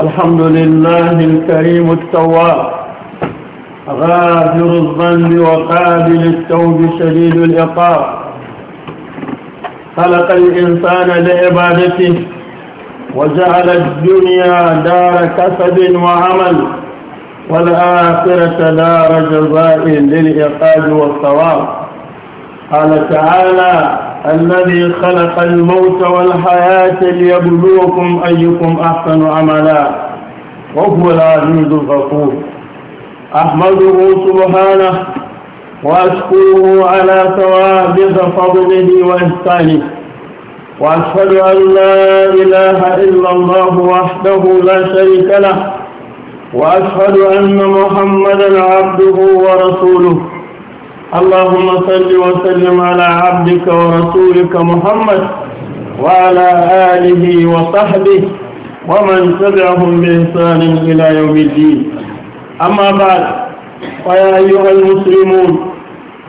الحمد لله الكريم التواب غافر الظن وقابل التوب شديد العقاب خلق الإنسان لعبادته وجعل الدنيا دار كسب وعمل والآخرة دار جزاء للعقاب والثواب قال تعالى الذي خلق الموت والحياة ليبلوكم أيكم أحسن عملا وهو العزيز الغفور أحمده سبحانه وأشكره على ثوابت فضله وإحسانه وأشهد أن لا إله إلا الله وحده لا شريك له وأشهد أن محمدا عبده ورسوله اللهم صل وسلم على عبدك ورسولك محمد وعلى آله وصحبه ومن تبعهم بإحسان إلى يوم الدين أما بعد فيا أيها المسلمون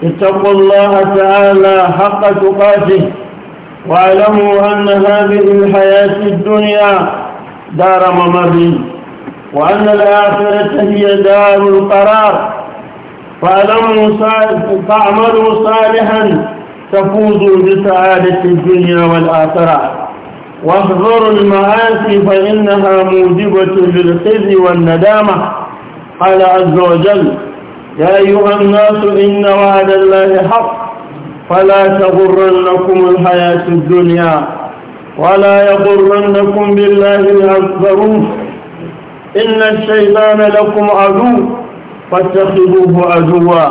اتقوا الله تعالى حق تقاته واعلموا أن هذه الحياة الدنيا دار ممر وأن الآخرة هي دار القرار فاعملوا صالحا تفوزوا بسعادة الدنيا والآخرة واحذروا المعاصي فإنها موجبة للخزي والندامة قال عز وجل يا أيها الناس إن وعد الله حق فلا تغرنكم الحياة الدنيا ولا يغرنكم بالله الأكبر إن الشيطان لكم عدو فاتخذوه عدوا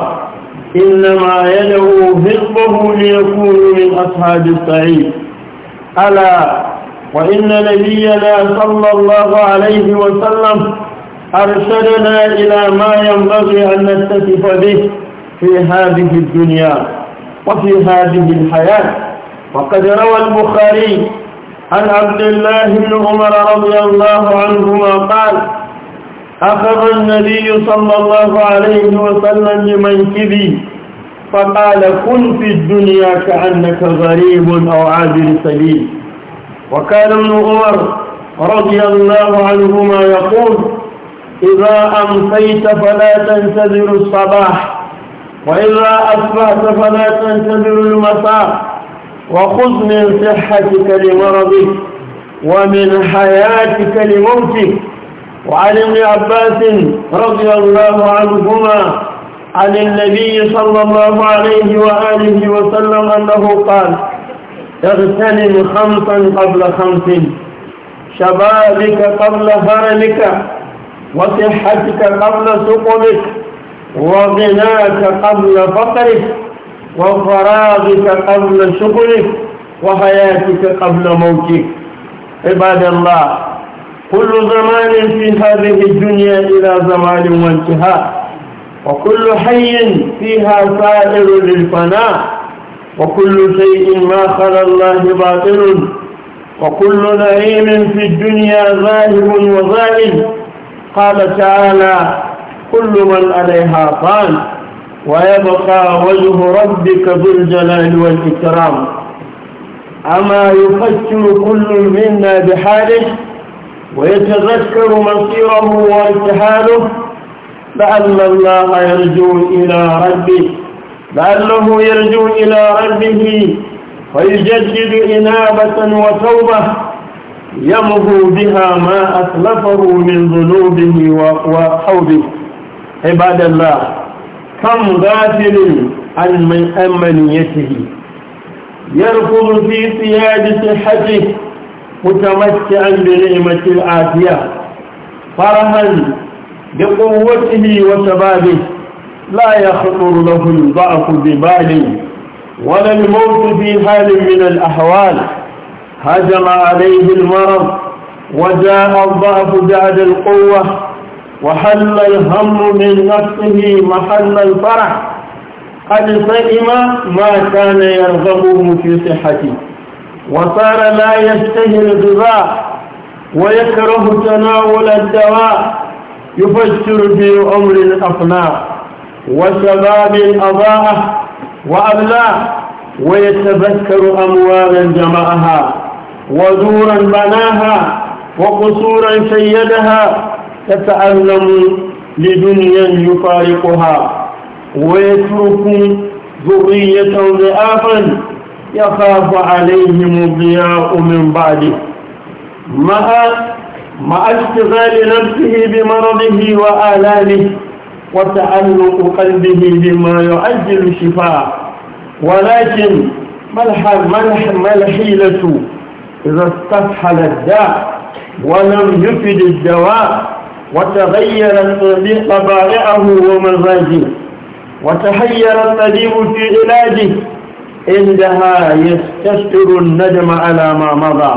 إنما يدعو حزبه ليكونوا من أصحاب الصعيد ألا وإن نبينا صلى الله عليه وسلم أرشدنا إلى ما ينبغي أن نتسف به في هذه الدنيا وفي هذه الحياة وقد روى البخاري عن عبد الله بن عمر رضي الله عنهما قال أخذ النبي صلى الله عليه وسلم بمنكبي فقال كن في الدنيا كأنك غريب أو عابر سبيل وكان ابن عمر رضي الله عنهما يقول إذا أمسيت فلا تنتظر الصباح وإذا أصبحت فلا تنتظر المساء وخذ من صحتك لمرضك ومن حياتك لموتك وعن ابن عباس رضي الله عنهما عن النبي صلى الله عليه وآله وسلم أنه قال اغتنم خمسا قبل خمس شبابك قبل هرمك وصحتك قبل سقمك وغناك قبل فقرك وفراغك قبل شغلك وحياتك قبل موتك عباد الله كل زمان في هذه الدنيا إلى زمان وانتهاء وكل حي فيها سائر للفناء وكل شيء ما خلا الله باطل وكل نعيم في الدنيا ذاهب وزائل قال تعالى كل من عليها طان ويبقى وجه ربك ذو الجلال والإكرام أما يفكر كل منا بحاله ويتذكر مصيره وارتحاله لعل الله يرجو إلى ربه لعله يرجو إلى ربه ويجدد إنابة وتوبة يمهو بها ما أسلفه من ذنوبه وحوبه عباد الله كم غافل عن من أمنيته يركض في سياد صحته متمتعا بنعمة العافية فرحا بقوته وشبابه لا يخطر له الضعف ببال ولا الموت في حال من الأحوال هجم عليه المرض وجاء الضعف بعد القوة وحل الهم من نفسه محل الفرح قد سئم ما كان يرغبه في صحته وصار لا يشتهي الغذاء ويكره تناول الدواء يفسر في عمر الأقناع وشباب أضاءه وأبلاه ويتذكر أموالا جمعها ودورا بناها وقصورا شيدها تتألم لدنيا يفارقها ويترك ذرية ضعافا يخاف عليهم الضياء من بعده مع مع اشتغال نفسه بمرضه وآلامه وتعلق قلبه بما يؤجل الشفاء ولكن ما الحيلة إذا استفحل الداء ولم يفد الدواء وتغيرت طبائعه ومزاجه وتحير الطبيب في علاجه عندها يستشعر الندم على ما مضى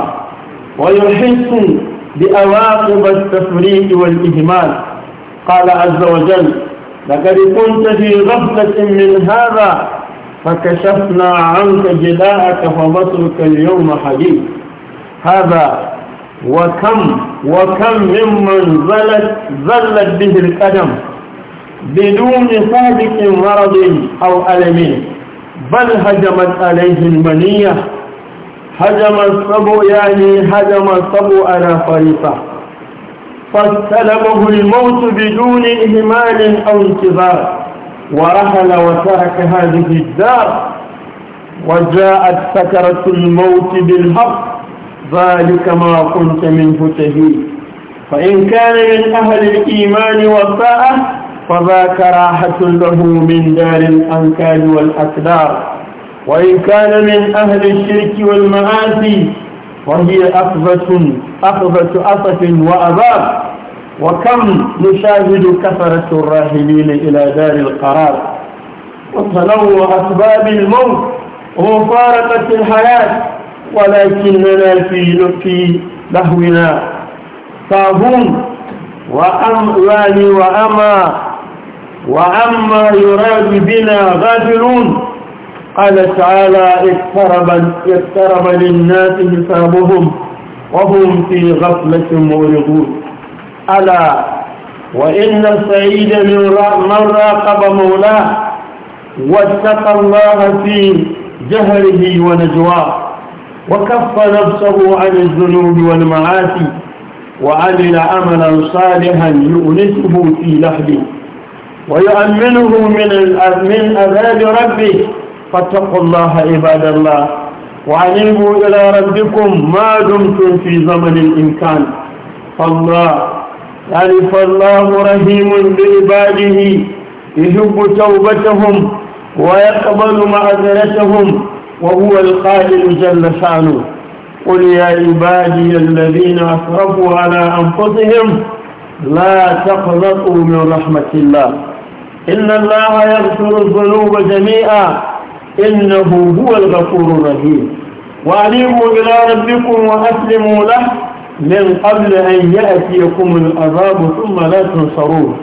ويحس بأواقب التفريط والإهمال قال عز وجل لقد كنت في غفلة من هذا فكشفنا عنك جلاءك فبصرك اليوم حديث هذا وكم وكم ممن ظلت ظلت به القدم بدون سابق مرض أو ألم بل هجمت عليه المنية هجم الصبو يعني هجم الصبو على فريقه فاستلمه الموت بدون إهمال أو انتظار ورحل وترك هذه الدار وجاءت سكرة الموت بالحق ذلك ما كنت منه تهيد فإن كان من أهل الإيمان والطاعة فما كراحة له من دار الأنكال والأكدار وإن كان من أهل الشرك والمعاصي وهي أخذة أخذة أطف وأباب وكم نشاهد كثرة الراحلين إلى دار القرار وتنوع أسباب الموت ومفارقة الحياة ولكننا في لقي لهونا صابون وأم وأما وعما يراد بنا غافلون قال تعالى اقترب, اقترب للناس حسابهم وهم في غفلة مورغون ألا وإن السعيد من راقب مولاه واتقى الله في جهله ونجواه وكف نفسه عن الذنوب والمعاصي وعمل عملا صالحا يؤنسه في لحده ويؤمنه من من عذاب ربه فاتقوا الله عباد الله وأنيبوا إلى ربكم ما دمتم في زمن الإمكان فالله يعني فالله رحيم بعباده يحب توبتهم ويقبل معذرتهم وهو القائل جل شانه قل يا عبادي الذين أسرفوا على أنفسهم لا تقنطوا من رحمة الله إن الله يغفر الذنوب جميعا إنه هو الغفور الرحيم وأليموا إلى ربكم وأسلموا له من قبل أن يأتيكم العذاب ثم لا تنصرون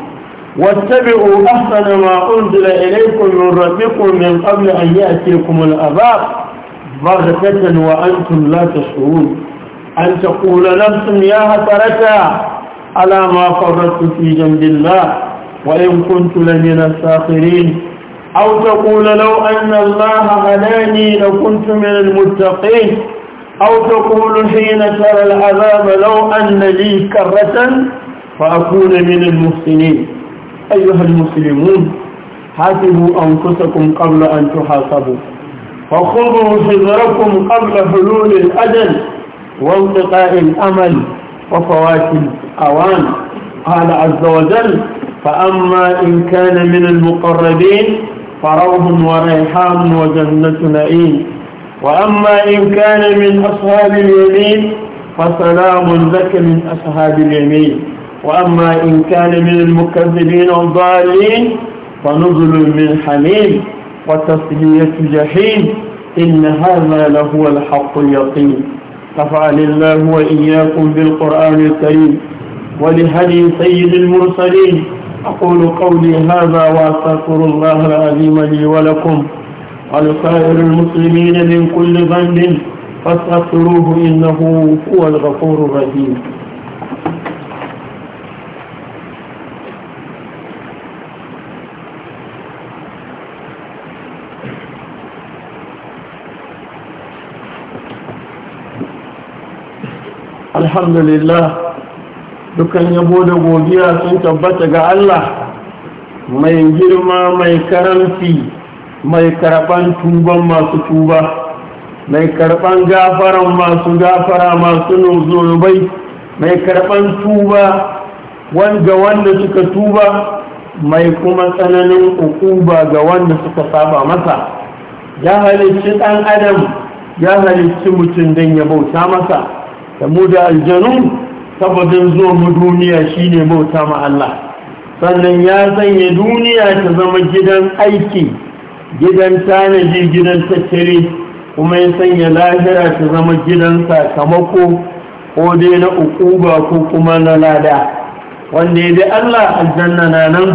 واتبعوا أحسن ما أنزل إليكم من ربكم من قبل أن يأتيكم العذاب بغتة وأنتم لا تشعرون أن تقول نفس يا هترتا على ما فرطت في جنب الله وإن كنت لمن الساخرين أو تقول لو أن الله هداني لكنت من المتقين أو تقول حين ترى العذاب لو أن لي كرة فأكون من المحسنين أيها المسلمون حاسبوا أنفسكم قبل أن تحاسبوا وخذوا حذركم قبل حلول الأجل وانقطاع الأمل وفوات الأوان قال عز وجل فأما إن كان من المقربين فروح وريحان وجنة نعيم وأما إن كان من أصحاب اليمين فسلام لك من أصحاب اليمين وأما إن كان من المكذبين الضالين فنزل من حميم وتصلية جحيم إن هذا لهو الحق اليقين تفعل الله وإياكم بالقرآن الكريم ولهدي سيد المرسلين أقول قولي هذا وأستغفر الله العظيم لي ولكم ولسائر المسلمين من كل ذنب فاستغفروه إنه هو الغفور الرحيم الحمد لله dukan yabo da godiya sun tabbata ga Allah mai girma mai karamci mai karban tuban masu tuba mai karban gafaran masu gafara masu zunubai mai karban tuba wanda wanda suka tuba mai kuma tsananin ukuba ga wanda suka saba masa ya halicci ɗan adam ya halicci mutum don ya bauta masa da mu da aljanu sababin zo mu duniya shine bauta ma Allah sannan ya sanya duniya ta zama gidan aiki gidan tanaji gidan tattare kuma ya sanya lahira ta zama gidan sakamako ko dai na ukuba ko kuma na lada wanda ya bi Allah aljanna na nan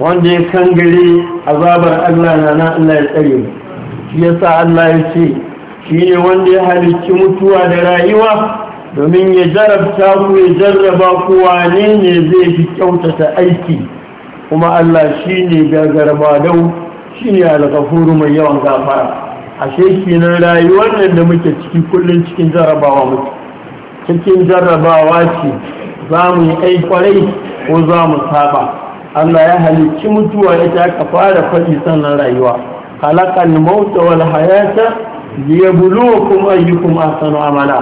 wanda ya kangare azabar Allah na nan Allah ya tsare shi yasa Allah ya ce shine wanda ya halicci mutuwa da rayuwa domin ya jarabta ku ya jarraba ku wane ne zai fi kyautata aiki kuma Allah shi ne gagarba dau shi ne alkafuru mai yawan gafara ashe kenan rayuwar nan da muke ciki kullum cikin jarrabawa muke cikin jarrabawa ce za mu yi ai kwarai ko za mu saba Allah ya halicci mutuwa ita aka fara faɗi sannan rayuwa halakal mauta wal hayata liyabluwakum ayyukum ahsanu amala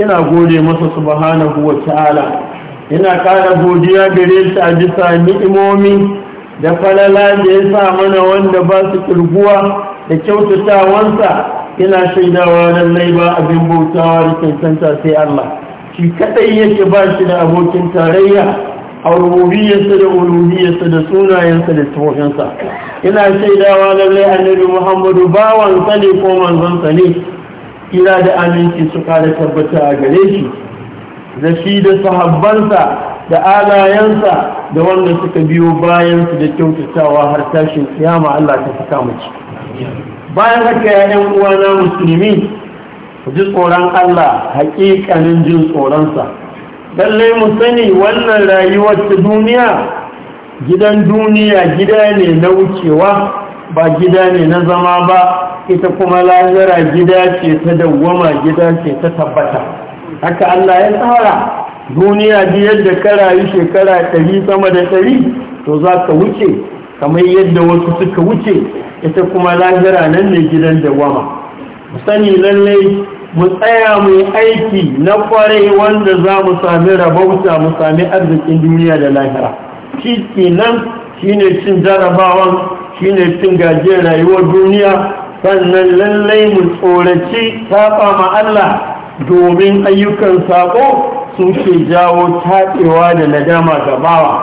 ina gode masa subhanahu wa ta'ala ina ƙara godiya gare shi a bisa ni'imomi da falala da ya sa mana wanda ba su kirguwa da kyautatawansa ina shaidawa lallai ba abin bautawa da kyautanta sai Allah shi kadai yake ba shi da abokin tarayya a rububiyarsa da uluhiyarsa da sunayensa da tsofinsa ina shaidawa lallai annabi muhammadu bawan ne ko manzonsa ne kira da aminci su kada tabbata a gare shi da shi da sahabbansa da alayensa da wanda suka biyo bayansu da kyautatawa har tashin kiyama Allah ta saka mu bayan haka ya yan uwana musulmi ku ji tsoron Allah haƙiƙanin jin tsoronsa lallai mu sani wannan rayuwar ta duniya gidan duniya gida ne na wucewa ba gida ne na zama ba ita kuma lahira gida ce ta dawwama gida ce ta tabbata haka Allah ya tsara duniya da yadda ka yi shekara ɗari sama da ɗari to za ka wuce kamar yadda wasu suka wuce ita kuma lahira nan ne gidan dawwama mu sani lallai mu tsaya mu yi aiki na kwarai wanda za mu sami rabauta mu sami arzikin duniya da lahira shi kenan nan shi cin jarabawan ne cin gajiyar rayuwar duniya sannan lallai mu tsoraci saba ma Allah domin ayyukan sako su ke jawo taɓewa da nadama ga bawa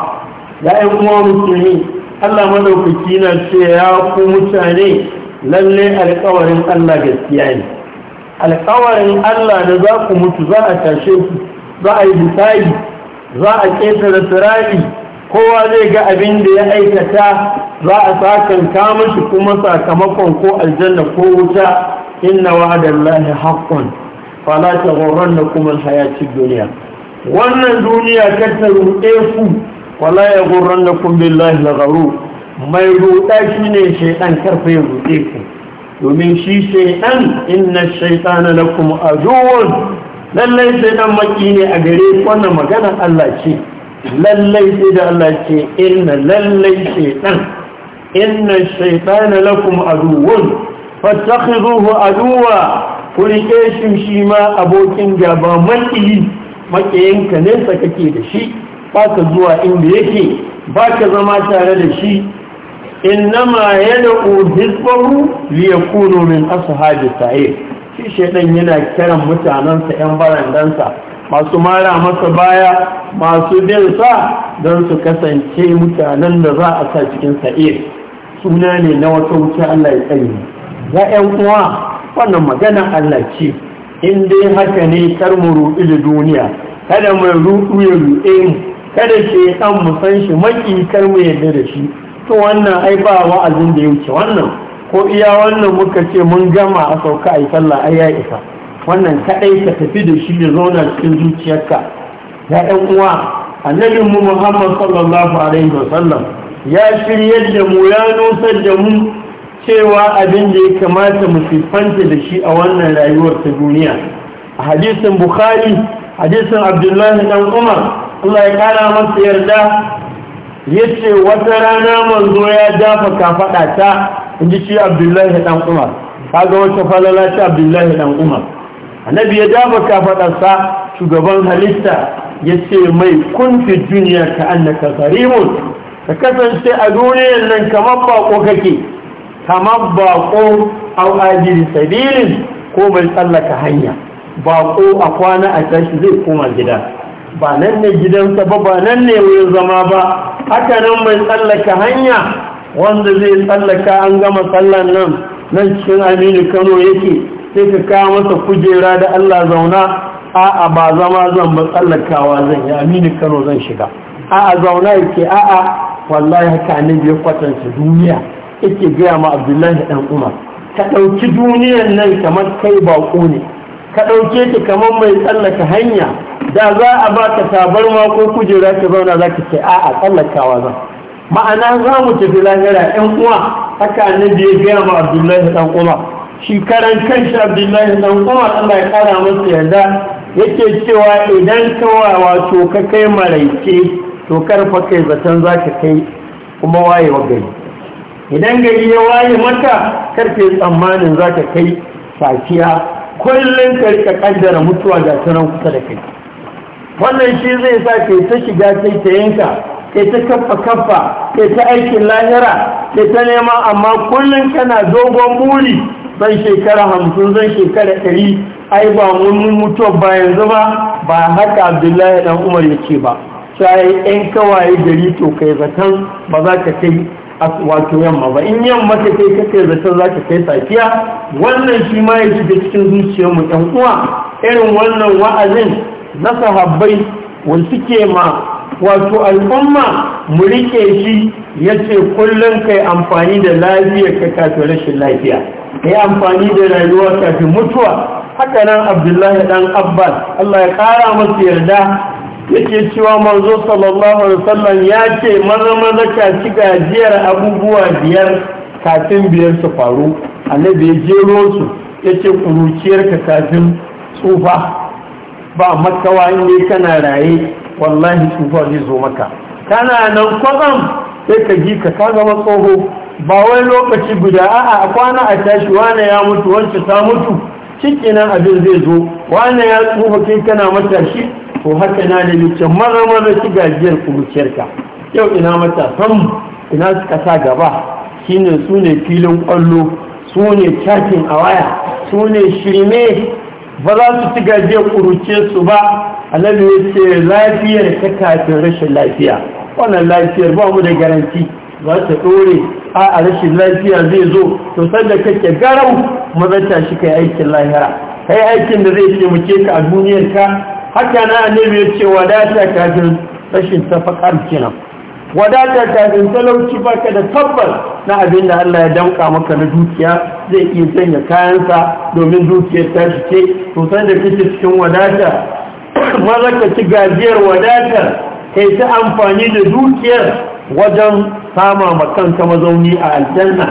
ya'yan kuma musulmi Allah madaukaki na ce ya ku mutane lallai alkawarin Allah gaskiya ne alkawarin Allah da za ku mutu za a tashe ku za a yi bisali za a ƙetare sirari kowa zai ga abin da ya aikata za a sakanta mashi kuma sakamakon ko aljanna ko wuta inna wa'adallahi haqqun fala taghurrannakum alhayatid dunya wannan duniya kar ta ruɗe ku wala yaghurrannakum billahi lagharu mai ruɗa shine shaytan karfe ruɗe ku domin shi shaytan inna shaytana lakum aduwwun lallai shaytan maki ne a gare ku wannan magana Allah ce lallai sai da Allah ce inna lallai shaitan inna shaitana lakum aduwwun fattakhidhuhu aduwa kulike shi shi ma abokin gaba maki ka ne sa kake da shi baka zuwa inda yake baka zama tare da shi innama yad'u hizbahu liyakunu min ashabi sa'ir shi shaitan yana kiran mutanansa yan barandansa masu mara masa baya masu bin sa don su kasance mutanen da za a sa cikin sa'ir suna ne na wata wuce Allah ya tsaye za ‘yan uwa wannan magana Allah ce in dai haka ne kar mu ruɗi da duniya kada mai ruɗu ya ruɗe mu kada ke ɗan mu san shi maki kar mu yarda da shi to wannan ai ba wa'azin da ya wuce wannan ko iya wannan muka ce mun gama a sauka a yi sallah a ya isa wannan kadai ka tafi da shi ya zauna cikin zuciyarka ya ɗan uwa annabin mu Muhammad sallallahu alaihi wasallam ya shirya da mu ya nusar da mu cewa abin da ya kamata mu siffanta da shi a wannan rayuwar ta duniya a hadisin bukhari hadisin abdullahi dan umar Allah ya kara masa yarda ya ce wata rana manzo ya dafa kafada ta inji shi abdullahi dan umar kaga wata falala ta abdullahi dan umar annabi ya dafa kafadarsa shugaban halitta ya ce mai kunfi duniya ka annaka zarimun ka kasance a duniyar nan kamar bako kake kamar bako au ajiri sabilin ko mai tsallaka hanya bako a kwana a tashi zai koma gida ba nan ne gidansa ba ba nan ne wurin zama ba haka nan mai tsallaka hanya wanda zai tsallaka an gama tsallan nan nan cikin aminu kano yake sai ka kawo masa kujera da Allah zauna a ba zama zan matsalakawa zan yi amini kano zan shiga a'a zauna yake a'a wallahi haka ne ya kwatanta duniya yake gaya ma abdullahi dan umar ka ɗauki duniyan nan kamar kai baƙo ne ka ɗauke ta kamar mai tsallaka hanya da za a ba ka tabarma ko kujera ka zauna za ka ce a'a tsallakawa zan ma'ana za mu tafi lahira yan uwa haka annabi ya gaya ma abdullahi dan umar shi karan kanshi abdullahi dan umar allah ya kara masa yarda yake cewa idan kawa wato ka kai maraice to karfa kai zaton za kai kuma wayewa gari idan gari ya waye maka karfe tsammanin za kai safiya kullum ka rika kaddara mutuwa ga sanan kusa da kai wannan shi zai sa ke ta shiga kai ta yanka kai ta kaffa kaffa kai ta aikin lahira kai ta nema amma kullum kana dogon buri zan shekara hamsin zan shekara ɗari ai ba mun mutuwa ba yanzu ba ba haka abdullahi dan umar ya ce ba sai yan kawaye gari to kai zaton ba za ka kai wato yamma ba in yamma ka kai ka kai zaton za ka kai safiya wannan shi ma ya shiga cikin zuciyar mu ɗan uwa irin wannan wa'azin na sahabbai wani suke ma wato al'umma mu rike shi ya ce kullum kai amfani da lafiya ka kafin rashin lafiya ka yi amfani da rayuwa kafin mutuwa haka nan abdullahi dan abbas allah ya kara masa yarda yake cewa manzo sallallahu alaihi wasallam ya ce maza maza ka ci gajiyar abubuwa biyar kafin biyar su faru annabi ya jero su yace kuruciyar ka kafin tsufa ba makawa inda kana raye wallahi tsufa zai zo maka kana nan kwakwam sai ka ji ka ka zama tsoho ba wai lokaci guda a'a a kwana a tashi wane ya mutu wancan ta mutu ciki nan abin zai zo wane ya tsufa kai kana matashi ko haka na da mara mara ci gajiyar kubuciyarka yau ina matasan ina suka sa gaba shine su filin kwallo su ne a waya su ne shirme ba za su ci gajiyar kuruce su ba annabi ya ce lafiyar ta kafin rashin lafiya wannan lafiyar ba mu da garanti za ta dore a a rashin lafiya zai zo to sanda kake garau mazata shi kai aikin lahira kai aikin da zai taimake ka a duniyar ka haka na annabi ya ce wadata kafin rashin tafakar kenan Wadatar ta din talauci baka da tabbas na abin da Allah ya danka maka na dukiya zai iya sanya kayansa domin dukiyar ta shi ce to da kake cikin wadata maza ka ci gajiyar wadatar kai ta amfani da dukiyar wajen sama ma kanka mazauni a aljanna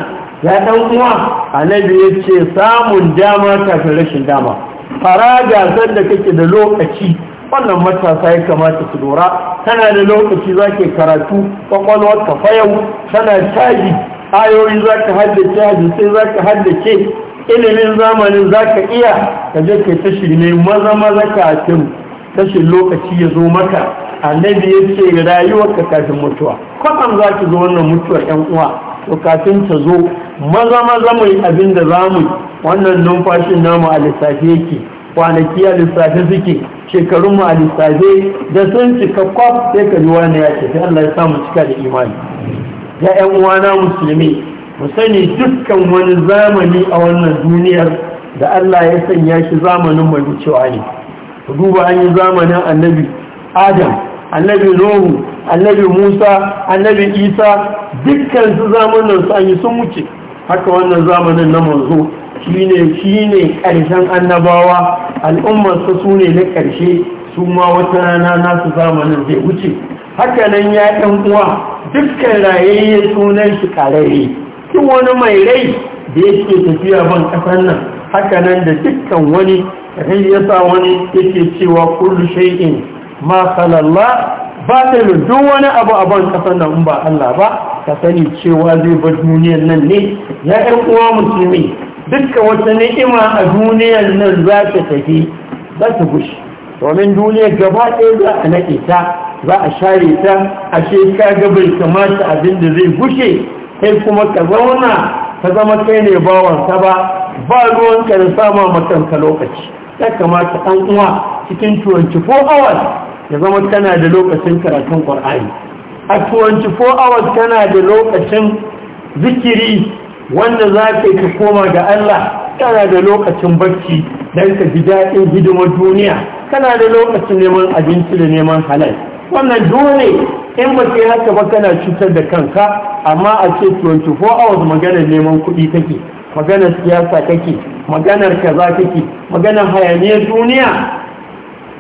ya dan uwa annabi ya ce samun dama kafin rashin dama fara gasar da kake da lokaci wannan matasa ya kamata su lura tana da lokaci za ke karatu kwakwalwar ka fayau tana caji ayoyi za ka haddace hadisai za ka haddace ilimin zamanin za ka iya ka je ka tashi ne maza maza kafin tashin lokaci ya zo maka annabi ya ce rayuwar ka kafin mutuwa kwakwam za ki zo wannan mutuwar yan uwa to kafin ta zo maza maza mai abin da za mu wannan numfashin namu a lissafi yake kwanaki a lissafe suke shekarun mu a lissafe da sun cika kwaf sai ka ji wani ya ce Allah ya samu cika da imani ya ƴan uwana musulmi mu sani dukkan wani zamani a wannan duniyar da Allah ya sanya shi zamanin mai wucewa ne ku duba an yi zamanin annabi Adam annabi Nuhu annabi Musa annabi Isa dukkan su zamanin su an yi sun wuce haka wannan zamanin na manzo shine shine ƙarshen annabawa al'ummarsa su ne na ƙarshe su ma wata rana nasu zamanin zai wuce hakanan ya ɗan uwa dukkan rayayye sunan shi ƙararre duk wani mai rai da yake tafiya ban ƙasar nan hakanan da dukkan wani rai ya sa wani yake cewa kullu shay'in ma salallah ba ta duk wani abu a ban ƙasar nan ba Allah ba ka sani cewa zai bar duniyar nan ne ya ɗan uwa musulmi dukkan wata ni'ima a duniyar nan za ta tafi za ta gushi domin duniyar gaba ɗaya za a naƙe ta za a share ta a ga bai kamata abin da zai gushe kai kuma ka zauna ka zama kai ne bawansa ba ba ka da sama makanka lokaci ya kamata an uwa cikin ko hours ya zama tana da lokacin karatun ƙwar'ani a ko hours tana da lokacin zikiri wanda za ka yi koma ga Allah kana da lokacin barci don ka ji daɗin hidimar duniya kana da lokacin neman abinci da neman halal wannan dole in ba sai haka ba kana cutar da kanka amma a ce 24 hours maganar neman kuɗi kake maganar siyasa kake maganar kaza take maganar hayaniyar duniya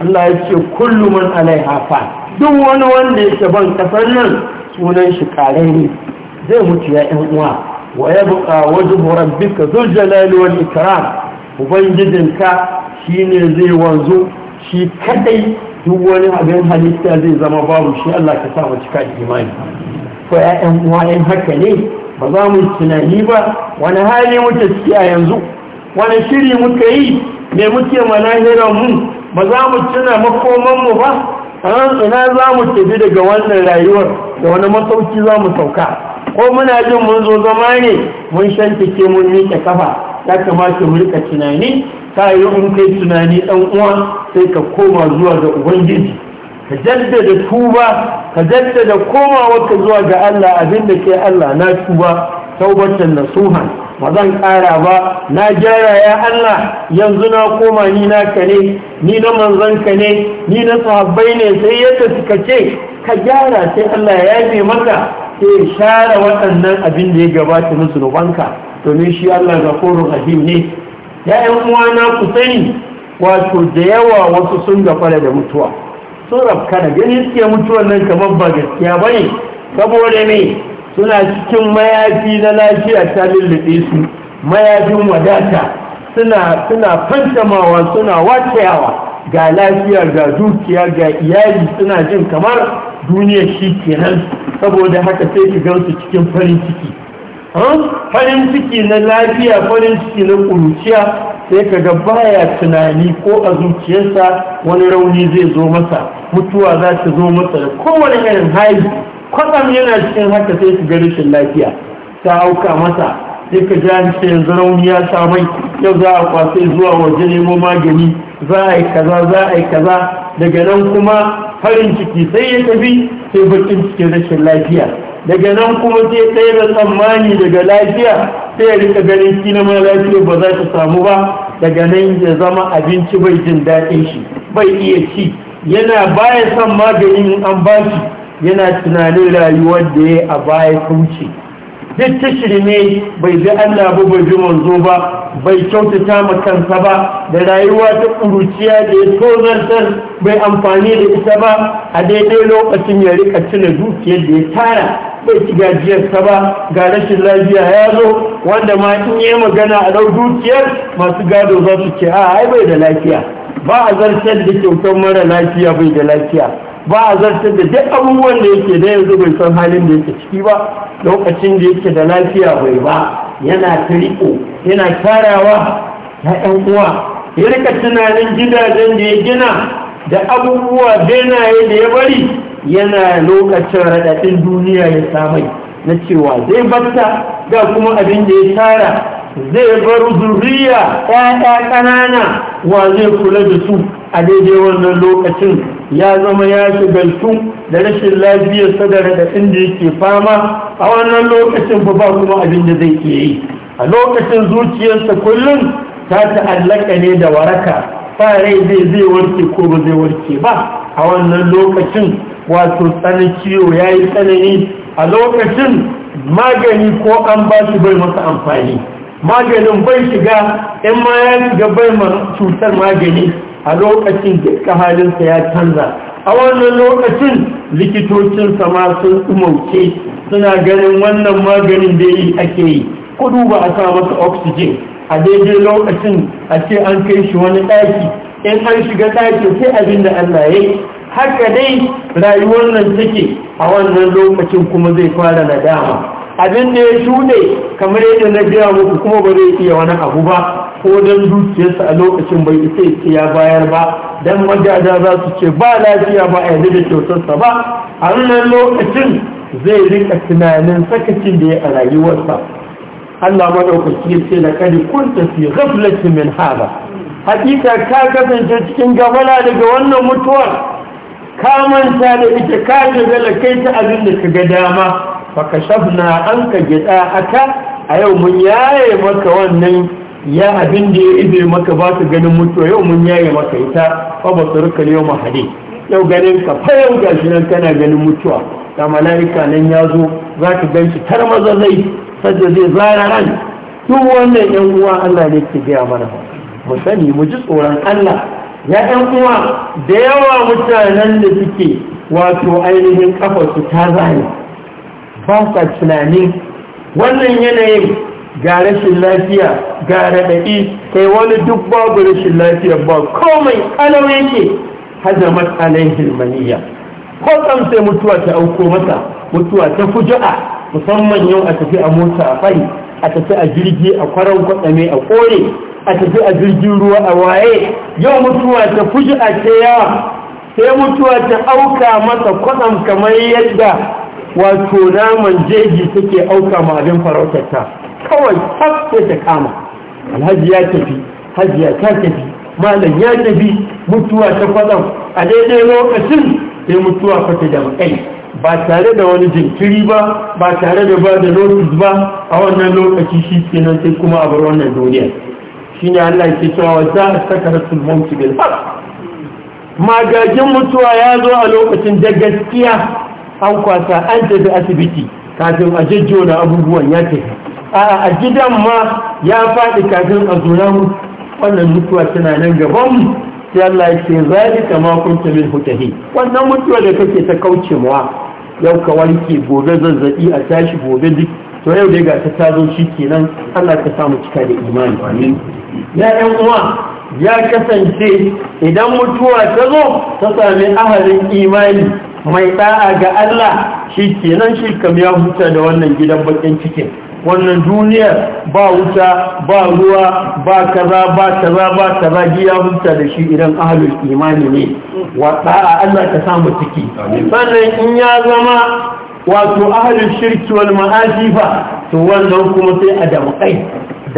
Allah ya ce kullu man alaiha fa duk wani wanda yake ban kasar nan sunan shi kare ne zai mutu ya ƴan uwa ويبقى وجه ربك ذو الجلال والإكرام وبنجدنك شيني زي وانزو شي كدي duwani abin halitta zai zama babu shi Allah ka sa mu cika imani ko 'ya'yan uwayen haka ne ba za mu tunani ba wani hali muka ciki a yanzu wani shiri muka yi me muke manahiran mu ba za mu tuna makoman mu ba ina za mu tafi daga wannan rayuwar da wani masauki za mu sauka ko muna jin mun zo zama ne mun ke mun miƙe kafa ya kamata mu rika tunani sa yi in kai tunani ɗan uwa sai ka koma zuwa ga ubangiji ka jaddada tuba ka jaddada komawa ka zuwa ga Allah abinda ke Allah na tuba taubatan nasuha ba zan ƙara ba na gyara ya Allah yanzu na koma ni naka ne ni na manzon ka ne ni na sahabbai ne sai yadda suka ce ka gyara sai Allah ya yafe maka sai share waɗannan abin da ya gabata na zunubanka domin shi Allah ga koro rahim ne ya yan uwana ku sani wato da yawa wasu sun gafara da mutuwa sun rafka da ganin suke mutuwan nan kamar ba gaskiya ba ne saboda ne suna cikin mayafi na lafiya ta lullube su mayafin wadata suna suna fantamawa suna wacewa ga lafiya ga dukiya ga iyali suna jin kamar duniya shi kenan saboda haka sai ki gansu cikin farin ciki farin ciki na lafiya farin ciki na ƙuruciya sai ka ga baya tunani ko a zuciyarsa wani rauni zai zo masa mutuwa za ta zo masa da kowane irin hali kwatsam yana cikin haka sai su ga rashin lafiya ta auka masa sai ka ja yanzu rauni ya samai yau za a kwasai zuwa waje nemo magani za a yi kaza za a yi kaza daga nan kuma farin ciki sai ya tafi sai bakin cikin rashin lafiya daga nan kuma sai tsaye da tsammani daga lafiya sai ya rika ganin na ma lafiya ba za ta samu ba daga nan ya zama abinci bai jin daɗin shi bai iya ci yana baya son maganin an bashi yana tunanin rayuwar da ya a baya kauce duk ne bai bi Allah ba bai bi wanzu ba bai kyautata ma kansa ba da rayuwa ta kuruciya da ya tozartar bai amfani da ita ba a daidai lokacin ya rika cire dukiyar da ya tara bai ci gajiyarsa ba ga rashin lafiya ya zo wanda ma in yi magana a dau dukiyar masu gado za su ce a bai da lafiya ba a zartar da kyautar mara lafiya bai da lafiya ba a zartar da duk abubuwan da yake da yanzu bai san halin da yake ciki ba lokacin da yake da lafiya bai ba yana tariko yana tarawa Na ɗan uwa ya rika tunanin gidajen da ya gina da abubuwa benaye da ya bari yana lokacin raɗaɗin duniya ya samai na cewa zai batta ga kuma abin da ya tara zai bar zuriya ƴaƴa ƙanana wa zai kula da su a daidai wannan lokacin ya zama ya su da rashin lafiyar sadar da inda yake fama a wannan lokacin ba ba kuma abin da zai ke yi a lokacin zuciyarsa kullum ta ta'allaka ne da waraka farai zai zai warke ko ba zai warke ba a wannan lokacin wato tsanin ciwo ya yi tsanani a lokacin magani ko an ba shi bai masa amfani maganin bai shiga in ma ya shiga bai cutar magani a lokacin da halinsa ya canza a wannan lokacin likitocinsa ma sun umauce suna ganin wannan maganin da yi ake yi kudu ba a sa masa oxygen a daidai lokacin a ce an kai shi wani ɗaki in an shiga ɗaki sai abin da Allah ya yi haka dai rayuwar nan take a wannan lokacin kuma zai fara nadama abin da ya shuɗe kamar yadda na gaya muku kuma ba zai iya wani abu ba ko don dukiyarsa a lokacin bai isa ya bayar ba don magada za su ce ba lafiya ba a yadda da kyautarsa ba a wannan lokacin zai rika tunanin sakacin da ya a rayuwarsa Allah madaukaki ya ce laqad kun tafi ghaflatin min haza. hakika ka kasance cikin gabala daga wannan mutuwar ka manta da ita ka shiga kai ta abin da ka ga dama fakashafna an ka gida aka a yau mun yaye maka wannan ya abin da ya ibe maka ba ganin mutuwa yau mun yaye maka ita fa ba su rika yau mahadi yau ganin ka fa gashi nan kana ganin mutuwa ta mala'ika nan ya zo za ka gan shi tar maza zai zai zara ran duk wannan yan uwa Allah ne ke gaya mana mu sani mu ji tsoron Allah ya yan uwa da yawa mutanen da suke wato ainihin su ta zane ba tunani wannan yanayin ga rashin lafiya ga raɗaɗi kai wani duk babu rashin lafiya ba komai mai yake hazamat alaihin maniya ko kan sai mutuwa ta auko masa mutuwa ta fujo'a musamman yau a tafi a mota a fari a tafi a jirgi a kwaron kwaɗame a kore a tafi a jirgin ruwa a waye yau mutuwa ta fujo'a ta yawa sai mutuwa ta auka masa kwaɗan kamar yadda wato naman jeji suke auka ma abin farautarta kawai haske ta kama alhaji ya tafi hajiya ta tafi malam ya tafi mutuwa ta kwatsam a daidai lokacin sai mutuwa fata da makai ba tare da wani jinkiri ba ba tare da ba da ba a wannan lokaci shi nan sai kuma a bar wannan duniya shi ne Allah ke cewa za a saka rasul mawuki bil magagin mutuwa ya zo a lokacin da gaskiya an kwasa an tafi asibiti kafin a jejjona abubuwan ya tafi a gidan ma ya faɗi kafin a zonan wannan mutuwa tana nan gaban sai Allah ya ce zalika ma kunta min hutahi wannan mutuwa da kake ta kauce kaucewa yau ka warke gobe zazzabi a tashi gobe duk to yau dai ga ta tazo shi kenan Allah ka samu cika da imani amin ya ɗan uwa ya kasance idan mutuwa ta zo ta sami ahalin imani mai da'a ga Allah shi kenan shi kam ya huta da wannan gidan bakin cikin wannan duniyar ba wuta ba ruwa ba kaza ba kaza ba kaza giya huta da shi idan ahlul imani ne wa da'a Allah ta samu ciki sannan in ya zama wato ahlul shirki wal ma'asifa to wannan kuma sai a damƙai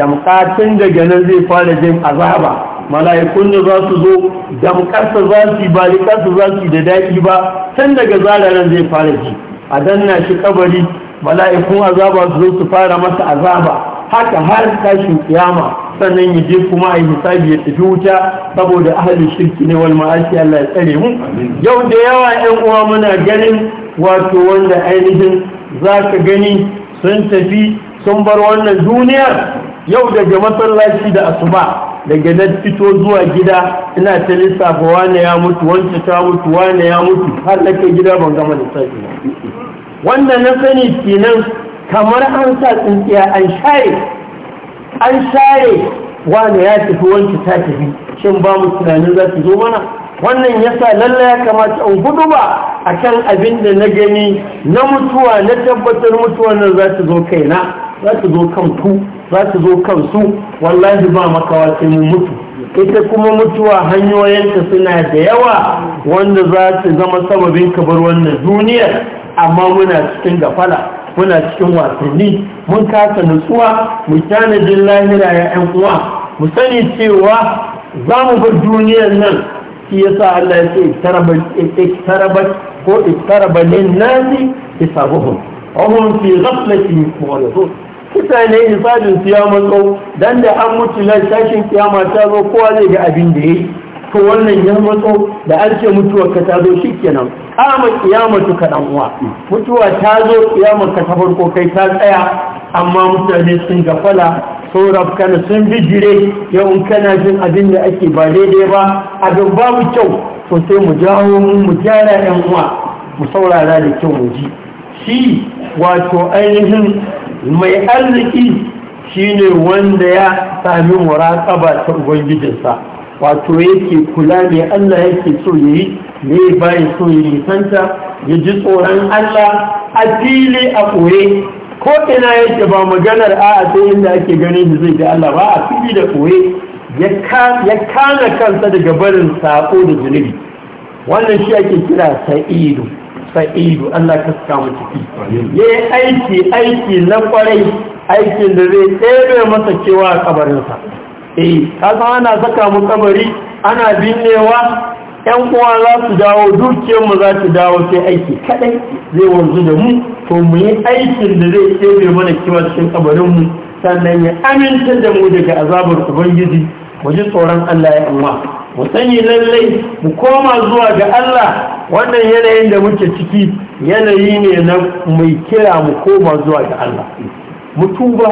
damƙatin daga nan zai fara jin azaba mala'ikun da za su zo damkarsa za su yi ba likarsa za su da daɗi ba can daga zalaran zai fara ji a danna shi kabari mala'ikun azaba su zo su fara masa azaba haka har tashin kiyama sannan ya je kuma a hisabi ya tafi wuta saboda ahli shirki ne wal ma'asi Allah ya tsare mu yau da yawa 'yan uwa muna ganin wato wanda ainihin za ka gani sun tafi sun bar wannan duniyar yau daga masallaci da asuba daga na fito zuwa gida ina ta lissafa wane ya mutu wance ta mutu wane ya mutu har na kai gida ban gama lissafi wannan na sani kenan kamar an sa tsintsiya an share an share wane ya tafi wance ta tafi shin ba mu tunanin za su zo mana wannan yasa lalla ya kamata in gudu ba a kan abin da na gani na mutuwa na tabbatar mutuwa nan za su zo kaina za su zo kan ku za su zo kansu wallahi ba makawa sai mun mutu ita kuma mutuwa hanyoyinta suna da yawa wanda za su zama sababin kabar wannan duniya amma muna cikin gafala muna cikin wasanni mun kasa nutsuwa mu tanadin lahira ya 'yan uwa mu sani cewa za mu bar duniyar nan shi yasa Allah ya ce ko iktaraba nasi hisabuhum wa hum fi mutane hisabin su ya matso, dan da an mutu na tashin kiyama ta zo kowa zai ga abin da ya yi, to wannan ya matso da an ce mutuwar ka ta zo shi kenan, kama kiyamatu su kaɗan uwa mutuwa ta zo kiyamar ka ta farko kai ta tsaya amma mutane sun gafala sun rafkana sun bijire yau kana jin abin da ake ba daidai ba abin mu kyau to sai mu jawo mu mu gyara yan uwa mu saurara da kyau mu ji shi wato ainihin mai arziki shine wanda ya sami muraƙaba ta ubangijinsa wato yake kula mai Allah yake so yayi ne bayan so ya nisanta ya ji tsoron Allah a fili a koye ko ina yake ba maganar a sai inda ake ganin da zai ga Allah ba a fili da koye ya kana kansa daga barin sako da zunubi wannan shi ake kira sa'idu sa'idu Allah ka saka mu ciki yi aiki aiki na kwarai aikin da zai tsere masa cewa a kabarinsa eh kasan ana saka mu kabari ana binnewa yan uwa za su dawo dukiyar mu za su dawo sai aiki kaɗai zai wanzu da mu to mu yi aikin da zai tsere mana kiwa cikin kabarin mu sannan ya aminta da mu daga azabar ubangiji mu ji tsoron Allah ya amma mu sani lallai mu koma zuwa ga Allah wannan yanayin da muke ciki yanayi ne na mai kira mu koma zuwa ga Allah mu tuba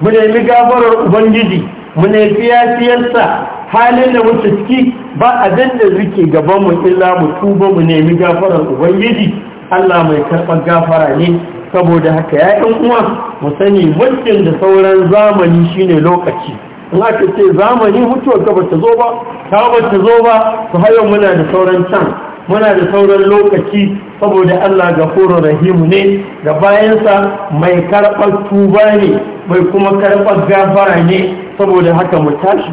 mu nemi gafarar ubangiji mu nemi yafiyarsa halin da muke ciki ba a da zuke gaban mu illa mu tuba mu nemi gafarar ubangiji Allah mai karɓar gafara ne saboda haka ya'yan uwa mu sani muddin da sauran zamani shine lokaci in ce zamani mutuwar ka bata zo ba ta bata zo ba to hayo muna da sauran can muna da sauran lokaci saboda Allah ga furo rahimu ne da bayansa mai karɓar tuba ne mai kuma karɓar gafara ne saboda haka mu tashi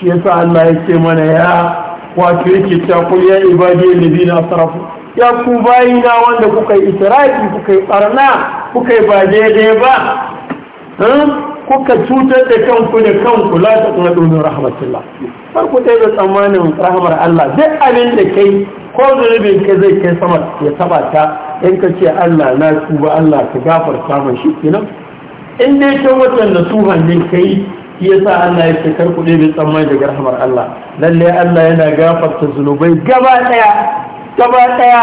shi yasa Allah ya ce mana ya wato yake ta kul ya ibadi alladhina sarafu ya ku bayina wanda kuka yi kukai kuka yi barna kuka ba daidai ba hmm? kuka cutar da kanku da kanku la ta kuma domin rahmatullah farko dai da tsammanin rahmar Allah duk abin da kai ko zunubin ka zai kai sama ya taba ta in ka ce Allah na tuba Allah ka gafarta mun shi kenan in dai ta watan da tuban din kai ya yasa Allah ya ce kar ku dai tsammani daga rahmar Allah lalle Allah yana gafarta zunubai gaba daya gaba daya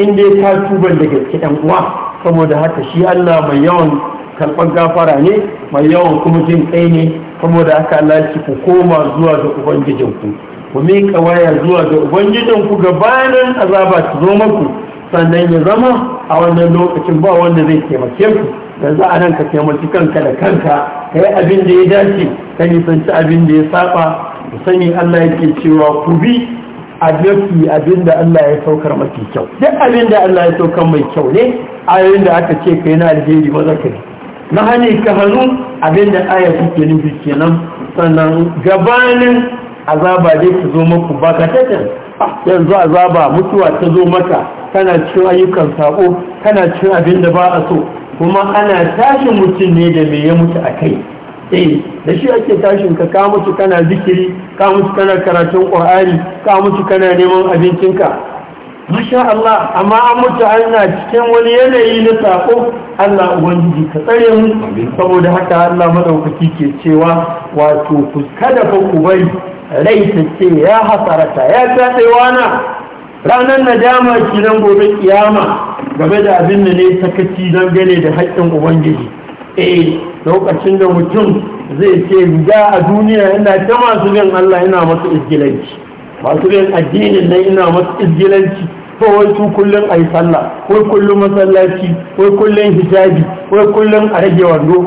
in dai ka tuba da gaske dan uwa saboda haka shi Allah mai yawan Kalban gafara ne mai yawan kuma jin kai ne saboda aka lalace ku koma zuwa ga ubangijinku ku miƙa waya zuwa ga ubangijinku gabanin azaba ta zo maku sannan ya zama a wannan lokacin ba wanda zai taimake ku yanzu a nan ka taimaki kanka da kanka ka yi abin da ya dace ka nisanci abin da ya saba ku sani Allah yake cewa ku bi a abin da Allah ya saukar mafi kyau duk abin da Allah ya saukar mai kyau ne ayoyin da aka ce ka yi na alheri maza ka na hane ka hannu abinda aya suke nufi kenan sannan gabanin azaba dai ta zo maku ba ka tattan ah, yanzu azaba mutuwa ta zo maka kana cin ayyukan sako kana cin abinda ba a so kuma ana tashin mutum ne da me ya mutu a kai eh da shi ake tashin ka ka kana zikiri ka kana karatun ƙwa'ari ka mutu kana neman abincinka masha Allah amma an mutu ana cikin wani yanayi na sako Allah ubangiji ka tsare mu saboda haka Allah madaukaki ke cewa wato kada ba ku bari rai ta ce ya hasarata ya tsadewa na ranar najama kinan gobe kiyama game da abin da ne sakaci gane da haƙƙin ubangiji eh lokacin da mutum zai ce riga a duniya yana ta masu bin Allah yana masu isgilanci masu yin addinin nan ina masu izgilanci ko wai su kullum a yi sallah ko kullum masallaci ko kullum hijabi ko kullum a rage wando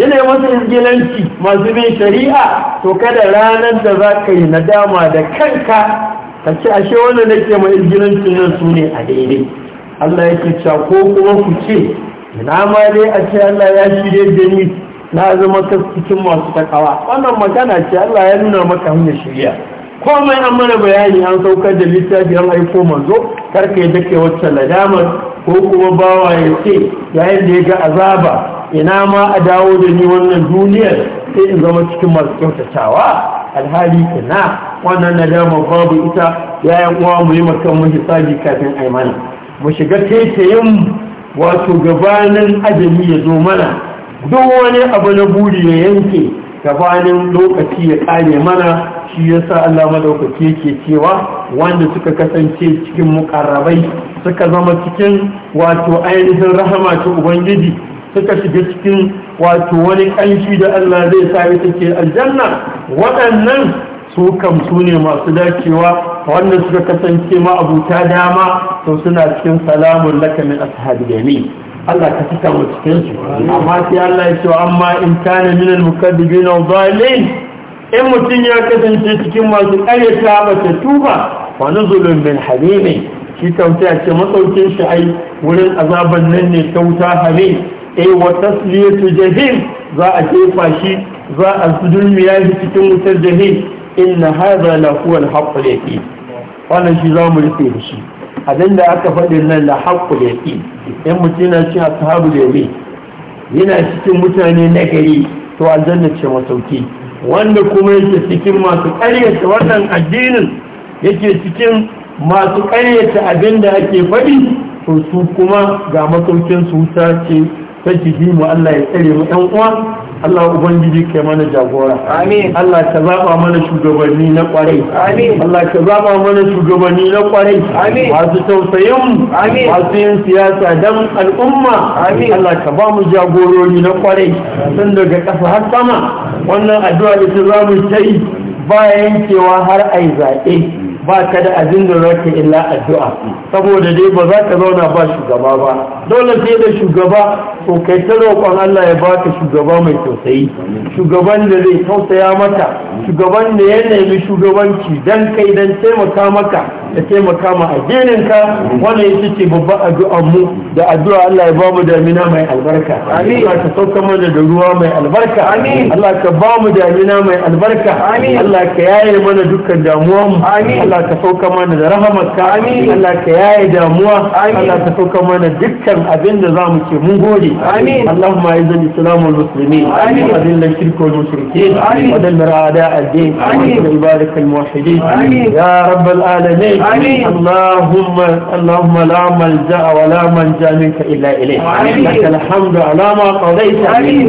yana masu izgilanci masu bin shari'a to kada ranar da za ka yi nadama da kanka ka ce ashe wannan nake mai izgilancin nan su ne a daidai Allah ya ce ko kuma ku ce ina ma dai a ce Allah ya shirye da ni na zama cikin masu takawa wannan magana ce Allah ya nuna maka hanyar shirya komai an mana bayani an saukar da littafi an haifo manzo karka yadda ke wacce ladamar, ko kuma bawa ya ce yayin da ya ga azaba ina ma a dawo da ni wannan duniyar sai in zama cikin masu kyautatawa alhali ina wannan nadamar babu ita yayin uwa mu yi makan mu hisabi kafin yi mana mu shiga taitayin wato gabanin ajali ya zo mana duk wani abu na buri ya yanke gabanin lokaci ya kare mana shi yasa Allah madaukaki yake cewa wanda suka kasance cikin mukarrabai suka zama cikin wato ainihin rahama ta ubangiji suka shiga cikin wato wani kanshi da Allah zai sa ita ce aljanna waɗannan su kam su ne masu dacewa wanda suka kasance ma abuta dama to suna cikin salamun laka min ashabi yamin Allah ka fita mu cikin su amma sai Allah ya ce amma in kana min al-mukaddibin wa dhalin in mutum ya kasance cikin masu ƙaryata mata tuba wani zulun bin halimi shi kauta ya ce matsaukin shi ai wurin azaban nan ne kauta hale eh wa tasliyatu jahim za a jefa shi za a zulmiya shi cikin wutar jahim inna hadha la huwa al-haqqul yaqin wannan shi za mu rufe da shi abin da aka faɗi nan la haqqul yaqin in mutum yana cikin ashabul yamin yana cikin mutane na gari to aljanna ce masauki wanda kuma yake cikin masu karyata wannan addinin yake cikin masu karyata abin da ake faɗi to su kuma ga masaukin su ta ce ta mu Allah ya tsare mu ƴan uwa Allah Ubangiji kai mana jagora. Amin. Allah ka zaɓa mana shugabanni na ƙwarai. Amin. Allah ka zaɓa mana shugabanni na ƙwarai. Amin. Masu tausayin mu. Amin. Masu yin siyasa don al'umma. Amin. Allah ka ba mu jagorori na ƙwarai, Tun daga ƙasa har sama. wannan addu'a da su zamu ta'i. yi ba yankewa har a zaɓe ba ka da azin da za ka illa addu'a saboda dai ba za ka zauna ba shugaba ba dole sai da shugaba ko kai ta roƙon Allah ya baka shugaba mai tausayi shugaban da zai tausaya maka shugaban da ya nemi shugabanci dan kai dan taimaka maka da taimaka ma addinin ka wannan ita ce babban addu'ar mu da addu'a Allah ya bamu damina mai albarka amin Allah ka sauka mana da ruwa mai albarka amin Allah ka bamu damina mai albarka amin Allah ka yaye mana dukkan damuwa mu amin Allah ka sauka mana da rahamarka amin Allah ka yaye damuwa amin Allah ka sauka mana dukkan abin da zamu ce mun gode amin Allahumma izza al-islam wal muslimin amin adilla shirku wal mushrikin amin adilla a'da al-din amin ibadakal muwahhidin ya rabbal alamin اللهم اللهم لا ملجأ ولا منجا منك إلا إليك لك الحمد على ما قضيت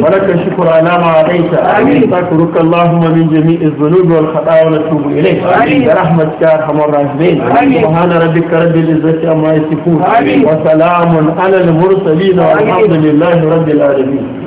ولك الشكر على ما عليت نستغفرك اللهم من جميع الذنوب والخطايا ونتوب إليك برحمتك يا أرحم الراحمين سبحان ربك رب العزة عما يصفون وسلام على المرسلين والحمد لله رب العالمين